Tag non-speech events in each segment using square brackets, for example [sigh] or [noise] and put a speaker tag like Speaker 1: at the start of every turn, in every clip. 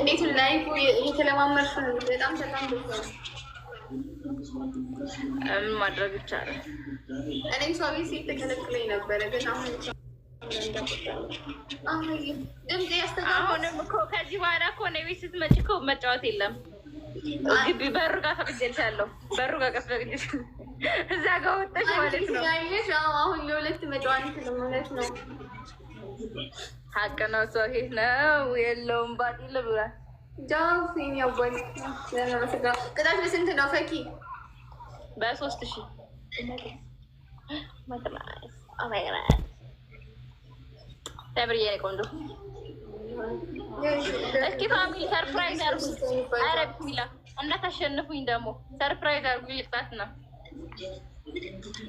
Speaker 1: እንዴት ላይ እየተለማመድኩ ነው። በጣም በጣም
Speaker 2: ምን ማድረግ ይቻላል።
Speaker 1: እኔ ሰው ቤት ሴት ተከለክለኝ ነበረ፣ ግን አሁን
Speaker 2: አሁንም እኮ ከዚህ በኋላ እኮ ነው ቤት ስትመጪ እኮ መጫወት የለም። ግቢ በሩ ጋር ፈቅጄልሻለሁ። በሩ ጋር ቀስ ፈቅጄልሻለሁ። [laughs] እዛ ጋር ወጣሽ ማለት
Speaker 1: ነው። አሁን የሁለት መጫወት ነው።
Speaker 2: ሀቅ ነው። ተውሂድ ነው የለውም ባጢል ብሏል።
Speaker 1: ቅጣት በስንት ነው ፈኪ?
Speaker 2: በሶስት ሺህ ተብርዬ ቆንጆ እስኪ ፋሚሊ ሰርፕራይዝ አድርጉኝ። ኧረ ቢስሚላ እንዳታሸንፉኝ ደግሞ ሰርፕራይዝ አድርጉኝ። ቅጣት ነው።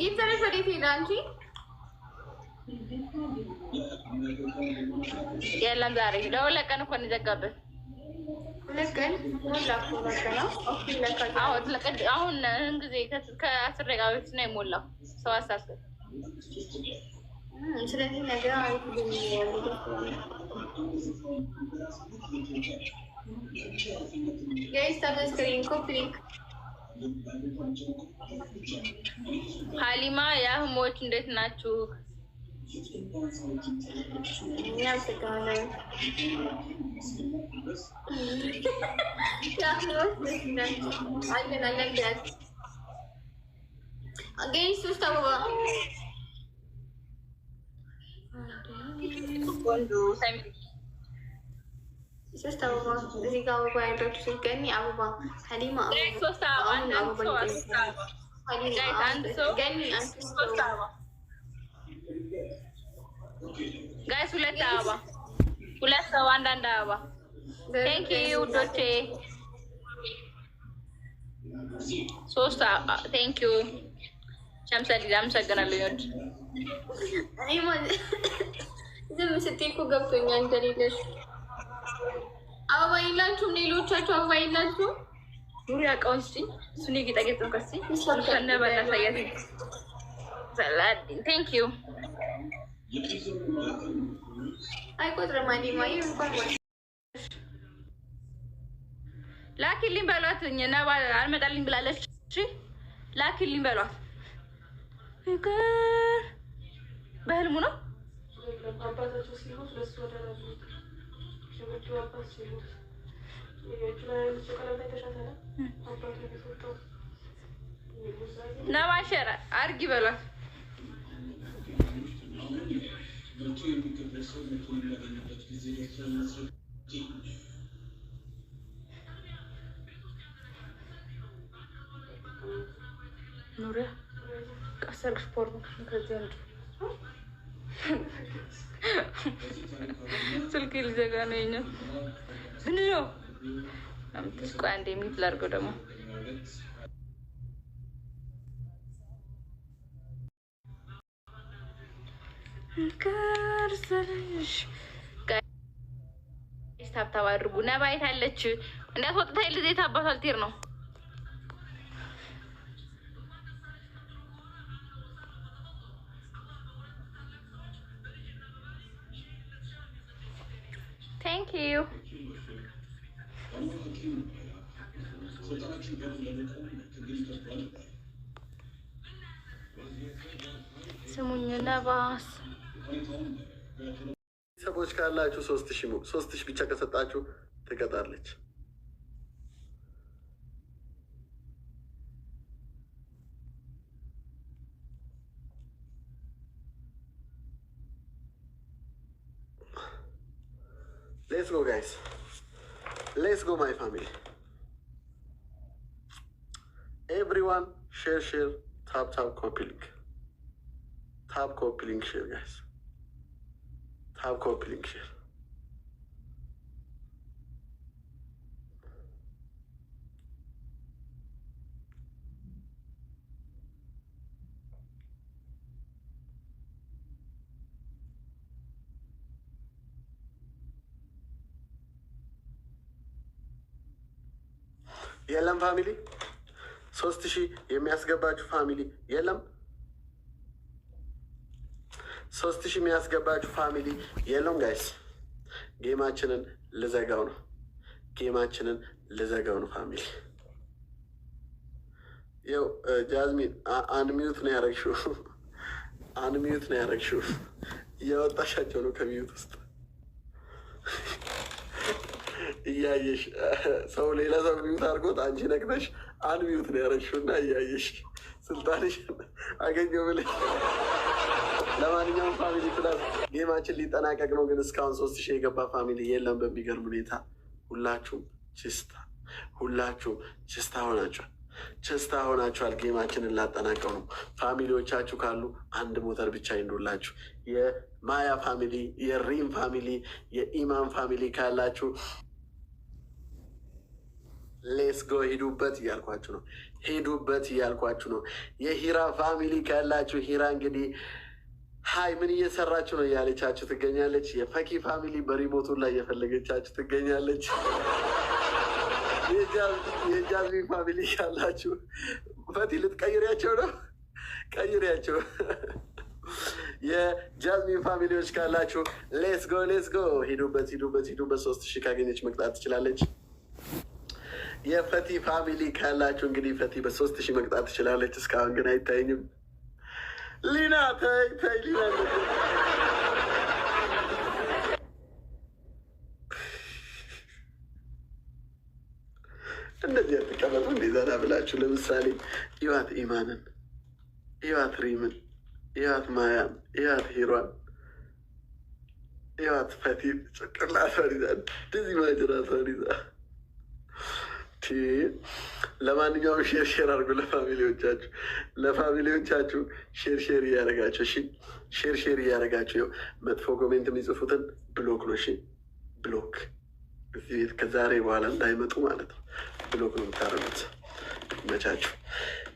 Speaker 1: ይህ ሰሬ ሄዳ እንጂ
Speaker 2: የለም ዛሬ ለሁለት ቀን እኮ እንዘጋበት። ሁለት አሁን ጊዜ ከአስር ደቂቃ በፊት ነው የሞላው ሰው አሳስብ። ሀሊማ እንዴት ናችሁ?
Speaker 1: Меня загоняю. Я просто I can like that. Against Mustafa.
Speaker 2: Quando sempre.
Speaker 1: Mustafa, jadi kau kau yang terus kan apa bang? Hari mak.
Speaker 2: Mustafa, Mustafa, Mustafa. Hari mak. Gani, Mustafa. ጋይስ ሁለት አበባ ሁለት ሰው አንዳንድ አበባ። ቴንክ ዩ ውዶቼ። ሶስት ቴንክ ዩ ሸምሰል አመሰግናለሁ።
Speaker 1: ዝም ስትይ እኮ ገብቶኛል እንደሌለሽ አበባ የላችሁም። ሌሎቻችሁ አበባ የላችሁም።
Speaker 2: ዙሪ አቃዎች እሱ ጌጣጌጥ ነው። ቴንክ ዩ
Speaker 1: አይቆጥርም። ማኒማይ እንኳን
Speaker 2: ላኪልኝ በሏት። ነባ አልመጣልኝ ብላለች። እሺ ላኪልኝ በሏት። ፍቅር በህልሙ ነው ነባ ሸራ በሏት መቶ የሚገበል ሰው መቶ የሚያገኝበት ጊዜ ደርሰ መስረት ኑሪያ ቀሰርሽ ፖርት ከዚህ አንዱ ስልክ ሊዘጋ ነው የኛ ምንድነው? አምጥሽ ቆይ አንዴ የሚት ላድርገው ደግሞ ከርሰሽ ታብታብ አድርጉ። ነባይት አለች እንዳትወጥታ ልዜ ታባቷ ልትሄድ ነው። ታንክ ዩ ስሙኝ ነባ
Speaker 3: ሰዎች ካላችሁ ሶስት ሺ ሶስት ሺ ብቻ ከሰጣችሁ ትቀጣለች። ሌትስ ጎ ጋይስ፣ ሌትስ ጎ ማይ ፋሚሊ ኤቭሪዋን ሼር ሼር ታፕ ታፕ ኮፒ ሊንክ ታፕ ኮፒ ሊንክ ሼር ጋይስ How complicated. የለም ፋሚሊ ሶስት ሺህ የሚያስገባችሁ ፋሚሊ የለም። ሶስት ሺህ የሚያስገባችሁ ፋሚሊ የለውም ጋይስ። ጌማችንን ልዘጋው ነው። ጌማችንን ልዘጋው ነው ፋሚሊ። ው ጃዝሚን አንድ አንሚዩት ነው [laughs] አንድ አንሚዩት ነው ያደረግሽው። እያወጣሻቸው ነው ከሚዩት ውስጥ [laughs] እያየሽ [laughs] ሰው ሌላ ሰው ሚዩት አድርጎት አንቺ ነቅተሽ አንድ አንሚዩት ነው ያደረግሽው እና እያየሽ ስልጣንሽ አገኘው ብለሽ ለማንኛውም ፋሚሊ ክለብ ጌማችን ሊጠናቀቅ ነው፣ ግን እስካሁን ሶስት ሺህ የገባ ፋሚሊ የለም። በሚገርም ሁኔታ ሁላችሁም ችስታ ሁላችሁ ችስታ ሆናችኋል። ችስታ ሆናችኋል። ጌማችንን ላጠናቀው ነው። ፋሚሊዎቻችሁ ካሉ አንድ ሞተር ብቻ ይንዱላችሁ። የማያ ፋሚሊ፣ የሪም ፋሚሊ፣ የኢማን ፋሚሊ ካላችሁ ሌስጎ ሂዱበት እያልኳችሁ ነው። ሂዱበት እያልኳችሁ ነው። የሂራ ፋሚሊ ካላችሁ ሂራ እንግዲህ ሀይ ምን እየሰራችሁ ነው እያለቻችሁ ትገኛለች። የፈኪ ፋሚሊ በሪሞቱ ላይ እየፈለገቻችሁ ትገኛለች። የጃዝሚ ፋሚሊ ያላችሁ ፈቲ ልትቀይሪያቸው ነው፣ ቀይሪያቸው። የጃዝሚ ፋሚሊዎች ካላችሁ ሌስ ጎ ሌስ ጎ፣ ሂዱበት፣ ሂዱበት፣ ሂዱበት። ሶስት ሺህ ካገኘች መቅጣት ትችላለች። የፈቲ ፋሚሊ ካላችሁ እንግዲህ ፈቲ በሶስት ሺህ መቅጣት ትችላለች። እስካሁን ግን አይታይኝም። ሊና ተይ ተይ ሊና እንደዚህ አትቀመጡ። እንደ ዘና ብላችሁ ለምሳሌ ይዋት ኢማንን፣ ይዋት ሪምን፣ ይዋት ማያን፣ ይዋት ሂሯን፣ ይዋት ፈቲን ጭቅላ ሰሪዛ እንደዚህ ማጅራ ሰሪዛ ለማንኛውም ሼር ሼር አድርጉ ለፋሚሊዎቻችሁ ለፋሚሊዎቻችሁ ሼር ሼር እያደረጋችሁ እሺ፣ ሼር ሼር እያደረጋችሁ መጥፎ ኮሜንት የሚጽፉትን ብሎክ ነው። እሺ፣ ብሎክ እዚህ ቤት ከዛሬ በኋላ እንዳይመጡ ማለት ነው። ብሎክ ነው የምታደርጉት። መቻችሁ።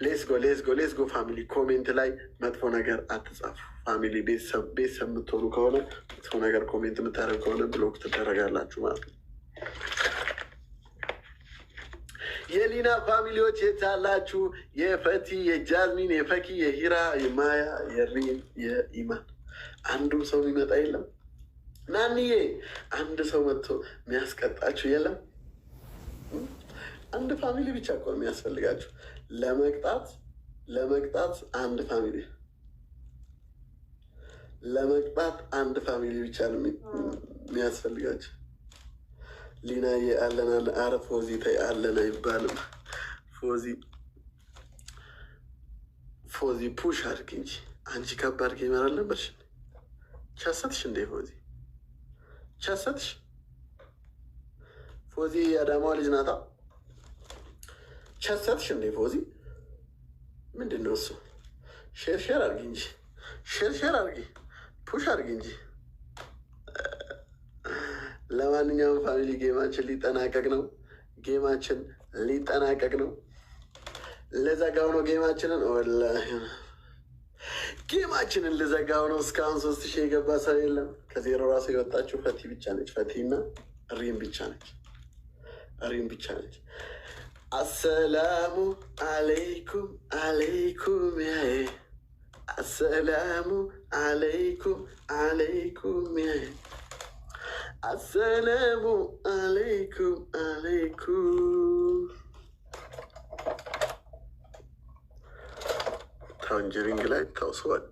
Speaker 3: ሌስጎ ሌስጎ ሌስጎ ፋሚሊ። ኮሜንት ላይ መጥፎ ነገር አትጻፉ ፋሚሊ። ቤተሰብ ቤተሰብ የምትሆኑ ከሆነ መጥፎ ነገር ኮሜንት የምታደርግ ከሆነ ብሎክ ትደረጋላችሁ ማለት ነው። የሊና ፋሚሊዎች የት ያላችሁ? የፈቲ የጃዝሚን የፈኪ የሂራ የማያ የሪን የኢማን አንዱም ሰው የሚመጣ የለም። ናንዬ አንድ ሰው መጥቶ የሚያስቀጣችሁ የለም። አንድ ፋሚሊ ብቻ እኮ የሚያስፈልጋችሁ ለመቅጣት ለመቅጣት አንድ ፋሚሊ ለመቅጣት አንድ ፋሚሊ ብቻ ነው የሚያስፈልጋቸው። ሊናዬ አለናል። አረ ፎዚ ተይ አለን አይባልም። ፎዚ ፎዚ ፑሽ አድርግ እንጂ አንቺ ከባድ ጌመር አልነበርሽ። ቻሰትሽ እንዴ ፎዚ ቻሰትሽ። ፎዚ የአዳማዋ ልጅ ናታ። ቻሰትሽ እንዴ ፎዚ ምንድን ነው እሱ? ሼር ሼር አድርጊ እንጂ ሼር ሼር አድርጊ ፑሽ አድርጊ እንጂ ለማንኛውም ፋሚሊ ጌማችን ሊጠናቀቅ ነው። ጌማችን ሊጠናቀቅ ነው። ልዘጋው ነው ጌማችንን፣ ወላ ጌማችንን ልዘጋው ነው። እስካሁን ሶስት ሺህ የገባ ሰው የለም። ከዜሮ ራሱ የወጣችው ፈቲ ብቻ ነች። ፈቲና ሪም ብቻ ነች። ሪም ብቻ ነች። አሰላሙ አለይኩም አለይኩም ያዬ አሰላሙ አለይኩም አለይኩም ያዬ አሰላሙ አለይኩም አለይኩም። ታንጀሪንግ ላይ ታውስዋድ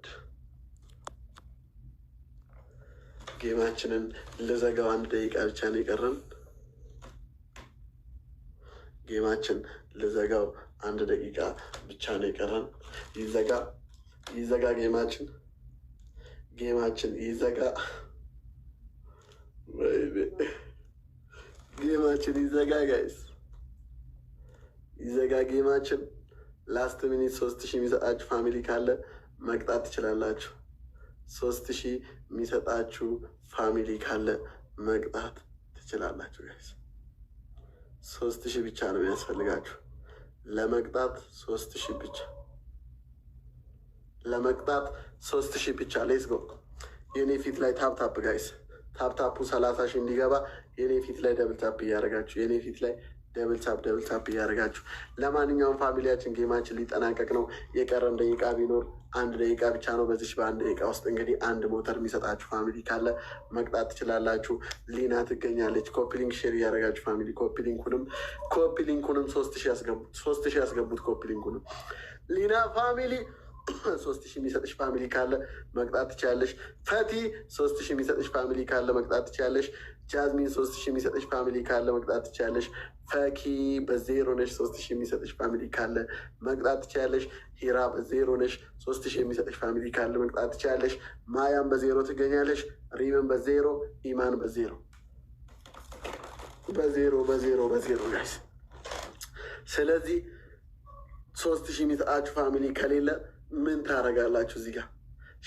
Speaker 3: ጌማችንን ልዘጋው። አንድ ደቂቃ ብቻ ነው የቀረን። ጌማችን ልዘጋው። አንድ ደቂቃ ብቻ ነው የቀረን። ይዘጋ ይዘጋ፣ ጌማችን ጌማችን ይዘጋ። ጌማችን ይዘጋ፣ ጋይስ ይዘጋ ጌማችን። ላስት ሚኒት ሶስት ሺህ የሚሰጣችሁ ፋሚሊ ካለ መቅጣት ትችላላችሁ። ሶስት ሺህ የሚሰጣችሁ ፋሚሊ ካለ መቅጣት ትችላላችሁ ጋይስ። ሶስት ሺህ ብቻ ነው የሚያስፈልጋችሁ ለመቅጣት፣ ሶስት ሺህ ብቻ ለመቅጣት፣ ሶስት ሺህ ብቻ። ሌስ ጎ የእኔ ፊት ላይ ታፕታፕ ጋይስ ታፕታፑ ሰላሳ ሺህ እንዲገባ የኔ ፊት ላይ ደብል ታፕ እያደረጋችሁ የኔ ፊት ላይ ደብል ታፕ ደብል ታፕ እያደረጋችሁ። ለማንኛውም ፋሚሊያችን ጌማችን ሊጠናቀቅ ነው። የቀረን ደቂቃ ቢኖር አንድ ደቂቃ ብቻ ነው። በዚች በአንድ ደቂቃ ውስጥ እንግዲህ አንድ ሞተር የሚሰጣችሁ ፋሚሊ ካለ መቅጣት ትችላላችሁ። ሊና ትገኛለች። ኮፒሊንክ ሼር እያደረጋችሁ ፋሚሊ ኮፒሊንኩንም ኮፒሊንኩንም ሶስት ሺህ ያስገቡት ያስገቡት ኮፒሊንኩንም ሊና ፋሚሊ ሶስት ሺህ የሚሰጥሽ ፋሚሊ ካለ መቅጣት ትችላለሽ። ፈቲ ሶስት ሺህ የሚሰጥሽ ፋሚሊ ካለ መቅጣት ትችላለሽ። ጃዝሚን ሶስት ሺህ የሚሰጥሽ ፋሚሊ ካለ መቅጣት ትችላለሽ። ፈኪ በዜሮ ነሽ ሶስት ሺህ የሚሰጥሽ ፋሚሊ ካለ መቅጣት ትችላለሽ። ሂራ በዜሮ ነሽ ሶስት ሺህ የሚሰጥሽ ፋሚሊ ካለ መቅጣት ትችላለሽ። ማያም በዜሮ ትገኛለሽ። ሪምን በዜሮ ኢማን በዜሮ በዜሮ በዜሮ በዜሮ ስለዚህ ሶስት ሺህ የሚሰጣችሁ ፋሚሊ ከሌለ ምን ታደርጋላችሁ? እዚህ ጋር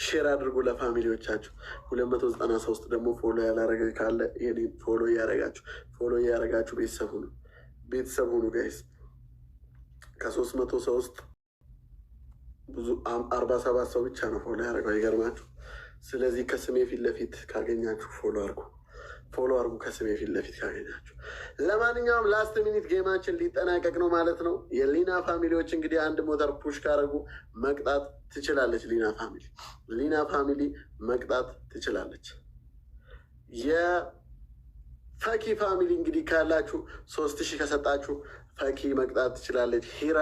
Speaker 3: ሼር አድርጉ ለፋሚሊዎቻችሁ። ሁለት መቶ ዘጠና ሶስት ደግሞ ፎሎ ያላረገ ካለ ፎሎ እያረጋችሁ ፎሎ እያረጋችሁ ቤተሰብ ሁኑ፣ ቤተሰብ ሁኑ ጋይስ ከሶስት መቶ ሰው ውስጥ ብዙ አርባ ሰባት ሰው ብቻ ነው ፎሎ ያደረገው። ይገርማችሁ። ስለዚህ ከስሜ ፊት ለፊት ካገኛችሁ ፎሎ አድርጉ። ፎሎ አርጉ ከስሜ ፊት ለፊት ካገኛችሁ። ለማንኛውም ላስት ሚኒት ጌማችን ሊጠናቀቅ ነው ማለት ነው። የሊና ፋሚሊዎች እንግዲህ አንድ ሞተር ፑሽ ካረጉ መቅጣት ትችላለች። ሊና ፋሚሊ ሊና ፋሚሊ መቅጣት ትችላለች። የፈኪ ፋሚሊ እንግዲህ ካላችሁ ሶስት ሺህ ከሰጣችሁ ፈኪ መቅጣት ትችላለች። ሂራ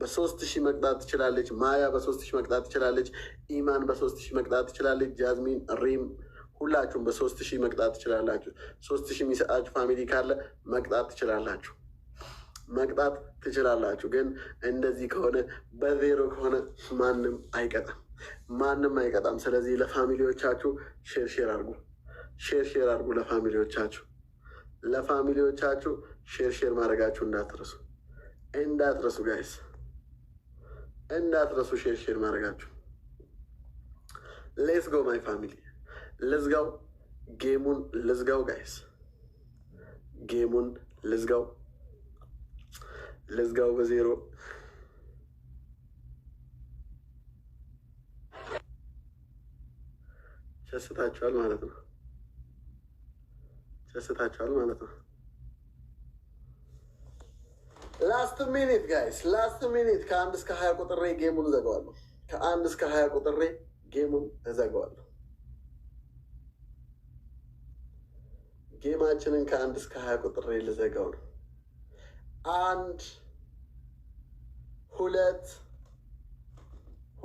Speaker 3: በሶስት ሺህ መቅጣት ትችላለች። ማያ በሶስት ሺህ መቅጣት ትችላለች። ኢማን በሶስት ሺህ መቅጣት ትችላለች። ጃዝሚን ሪም ሁላችሁም በሶስት ሺህ መቅጣት ትችላላችሁ። ሶስት ሺህ የሚሰጣችሁ ፋሚሊ ካለ መቅጣት ትችላላችሁ፣ መቅጣት ትችላላችሁ። ግን እንደዚህ ከሆነ በዜሮ ከሆነ ማንም አይቀጣም፣ ማንም አይቀጣም። ስለዚህ ለፋሚሊዎቻችሁ ሼር ሼር አድርጉ፣ ሼር ሼር አድርጉ ለፋሚሊዎቻችሁ ለፋሚሊዎቻችሁ ሼር ሼር ማድረጋችሁ እንዳትረሱ እንዳትረሱ ጋይስ እንዳትረሱ ሼር ሼር ማድረጋችሁ። ሌትስ ጎ ማይ ፋሚሊ ልዝጋው፣ ጌሙን ልዝጋው፣ ጋይስ ጌሙን ልዝጋው፣ ልዝጋው በዜሮ ሸስታችኋል ማለት ነው። ሸስታችኋል ማለት ነው። ላስት ሚኒት ጋይስ፣ ላስት ሚኒት ከአንድ እስከ ሀያ ቁጥሬ ጌሙን እዘጋዋለሁ። ከአንድ እስከ ሀያ ቁጥሬ ጌሙን እዘጋዋለሁ። ጌማችንን ከአንድ እስከ ሀያ ቁጥር ልዘጋው ነው። አንድ ሁለት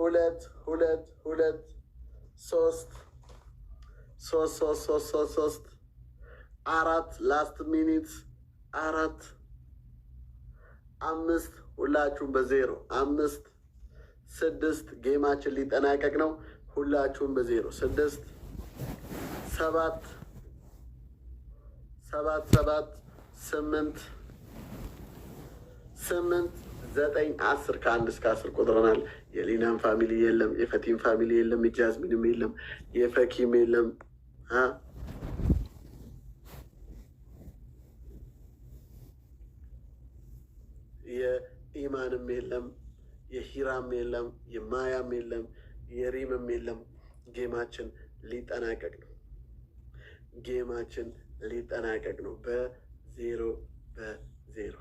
Speaker 3: ሁለት ሁለት ሁለት ሶስት ሶስት ሶስት ሶስት ሶስት ሶስት አራት ላስት ሚኒት አራት አምስት ሁላችሁም በዜሮ አምስት ስድስት ጌማችን ሊጠናቀቅ ነው። ሁላችሁም በዜሮ ስድስት ሰባት ሰባት ሰባት ስምንት ስምንት ዘጠኝ አስር ከአንድ እስከ አስር ቁጥረናል። የሊናም ፋሚሊ የለም፣ የፈቲም ፋሚሊ የለም፣ የጃዝሚንም የለም፣ የፈኪም የለም። የኢማንም የለም፣ የሂራም የለም፣ የማያም የለም፣ የሪምም የለም። ጌማችን ሊጠናቀቅ ነው። ጌማችን ሊጠናቀቅ ነው። በዜሮ በዜሮ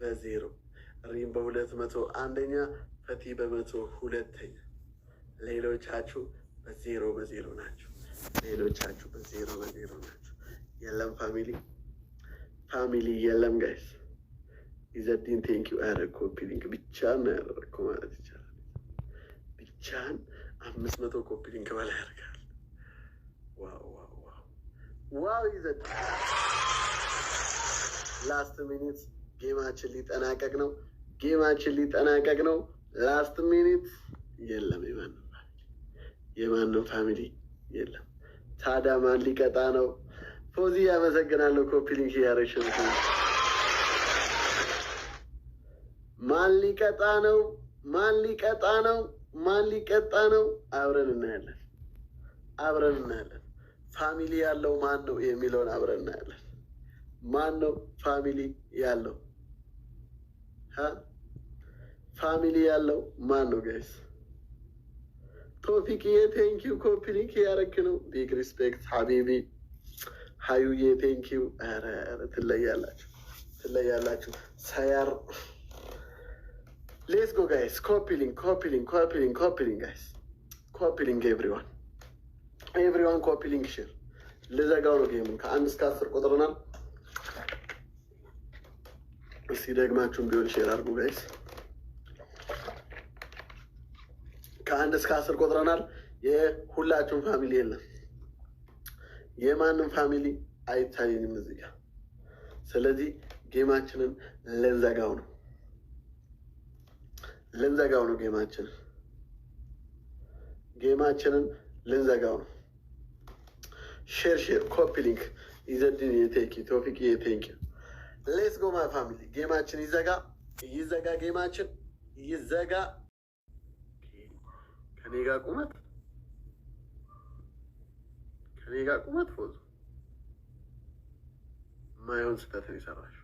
Speaker 3: በዜሮ ሪም በሁለት መቶ አንደኛ ፈቲ በመቶ ሁለተኛ። ሌሎቻችሁ በዜሮ በዜሮ ናቸው። ሌሎቻችሁ በዜሮ በዜሮ ናቸው። የለም ፋሚሊ ፋሚሊ የለም ጋይስ ኢዘዲን ቴንኪው አረግ ኮፒ ሊንክ ብቻን ነው ማለት ይቻላል። ብቻን አምስት መቶ ኮፒ ሊንክ በላይ ያደርጋል። ዋው ዋው ዋው ይዘን ላስት ሚኒት ጌማችን ሊጠናቀቅ ነው። ጌማችን ሊጠናቀቅ ነው። ላስት ሚኒት የለም፣ የማንም የማንም ፋሚሊ የለም። ታዲያ ማን ሊቀጣ ነው? ፎዚ ያመሰግናለሁ። ኮፒሊንክ ያረሽን ማን ሊቀጣ ነው? ማን ሊቀጣ ነው? ማን ሊቀጣ ነው? አብረን እናያለን። አብረን እናያለን። ፋሚሊ ያለው ማን ነው የሚለውን አብረን እናያለን። ማን ነው ፋሚሊ ያለው? ፋሚሊ ያለው ማን ነው ጋይስ? ቶፊቅዬ ቴንኪው ኮፒሊንክ ያረክ ነው። ቢግ ሪስፔክት ሀቢቢ ሀዩዬ ቴንኪው። ኧረ ትለያላችሁ ትለያላችሁ። ሰያር ሌስ ጎ ጋይስ። ኮፒሊንግ ኮፒሊንግ ኮፒሊንግ ኮፒሊንግ ጋይስ ኮፒሊንግ ኤቭሪዋን ኤቭሪዋን ኮፒ ሊንክ ሼር ልዘጋው ነው ጌሙን። ከአንድ እስከ አስር ቆጥረናል። እስቲ ደግማችሁም ቢሆን ሼር አድርጉ ጋይስ። ከአንድ እስከ አስር ቆጥረናል። የሁላችሁም ፋሚሊ የለም፣ የማንም ፋሚሊ አይታየኝም እዚህ ጋር። ስለዚህ ጌማችንን ልንዘጋው ነው ልንዘጋው ነው ጌማችንን ጌማችንን ልንዘጋው ነው። ሼር ሼር ኮፒ ሊንክ ይዘድን የቴንኪ ቶፊቅ የቴንኪ ሌስ ጎ ማይ ፋሚሊ ጌማችን ይዘጋ ይዘጋ ጌማችን ይዘጋ። ከኔ ጋር ቁመት ከኔ ጋር ቁመት ፎዞ ማይሆን ስህተትን ይሰራሽ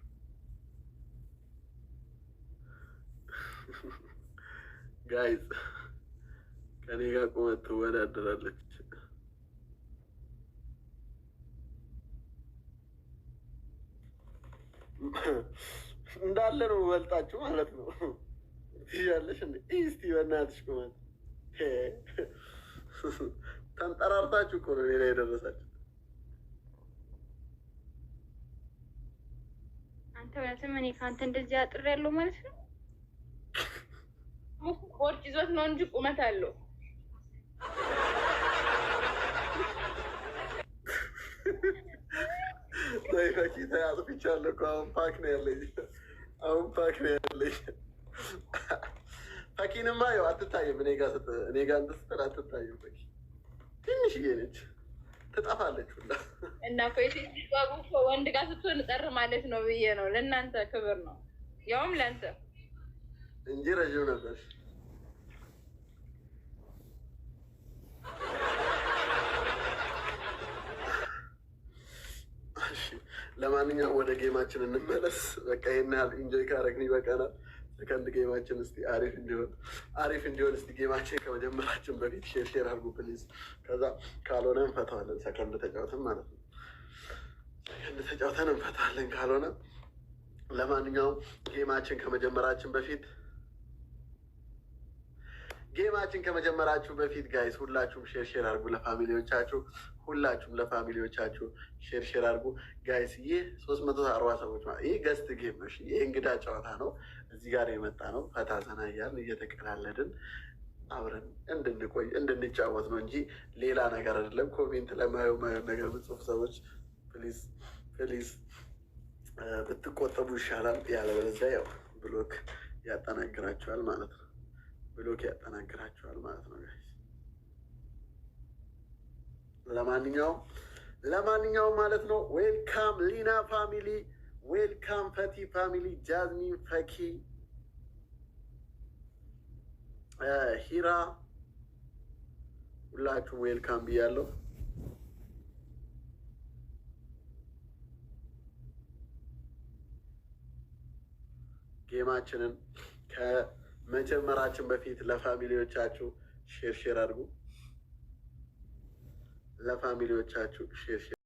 Speaker 3: ጋይዝ ከኔ ጋር ቁመት ትወዳደራለች። እንዳለ ነው በልጣችሁ ማለት ነው። ትይዣለሽ እንዴ? እስቲ በእናትሽ ቁመት ተንጠራርታችሁ እኮ ነው እኔ ላይ የደረሳችሁ።
Speaker 2: አንተ በእውነትም እኔ ከአንተ እንደዚህ አጥር ያለው ማለት ነው። ቆርጭ ይዞት ነው እንጂ ቁመት አለው።
Speaker 3: ፈኪ ተያዝኩቻለሁ እኮ አሁን ፓክ ነው ያለኝ። አሁን ፓክ ነው ያለኝ። ያው እኔ ጋር እኔ ትንሽዬ ነች ትጠፋለች ሁላ
Speaker 2: እና ኮይሴ ወንድ ጋር ስትሆን ጠር ማለት ነው ብዬ ነው። ለእናንተ ክብር ነው ያውም ለንተ
Speaker 3: እንጂ ረዥም ነበር ለማንኛውም ወደ ጌማችን እንመለስ። በቃ ይሄን ያህል ኢንጆይ ካረግን ይበቃናል። ሰከንድ ጌማችን እስቲ አሪፍ እንዲሆን አሪፍ እንዲሆን እስቲ ጌማችን ከመጀመራችን በፊት ሼር ሼር አድርጉ ፕሊዝ። ከዛ ካልሆነ እንፈተዋለን። ሰከንድ ተጫውተን ማለት ነው። ሰከንድ ተጫውተን እንፈተዋለን ካልሆነ። ለማንኛውም ጌማችን ከመጀመራችን በፊት ጌማችን ከመጀመራችሁ በፊት ጋይስ ሁላችሁም ሼር ሼር አድርጉ ለፋሚሊዎቻችሁ። ሁላችሁም ለፋሚሊዎቻችሁ ሼር ሼር አድርጉ ጋይስ። ይህ ሶስት መቶ አርባ ሰዎች ማለት ይህ ገስት ጌም ነው። ይህ እንግዳ ጨዋታ ነው። እዚህ ጋር የመጣ ነው ፈታ ዘና እያልን እየተቀላለድን አብረን እንድንቆይ እንድንጫወት ነው እንጂ ሌላ ነገር አይደለም። ኮሜንት ለማየው ማየው ነገር ምጽፍ ሰዎች ፕሊዝ ፕሊዝ ብትቆጠቡ ይሻላል። ያለበለዚያ ያው ብሎክ ያጠናግራቸዋል ማለት ነው። ብሎክ ያጠናግራቸዋል ማለት ነው። ለማንኛውም ለማንኛውም ማለት ነው ዌልካም ሊና ፋሚሊ፣ ዌልካም ፈቲ ፋሚሊ፣ ጃዝሚን ፈኪ፣ ሂራ ሁላችሁም ዌልካም ብያለሁ። ጌማችንን ከመጀመራችን በፊት ለፋሚሊዎቻችሁ ሼር ሼር አድርጉ። ለፋሚሊዎቻችሁ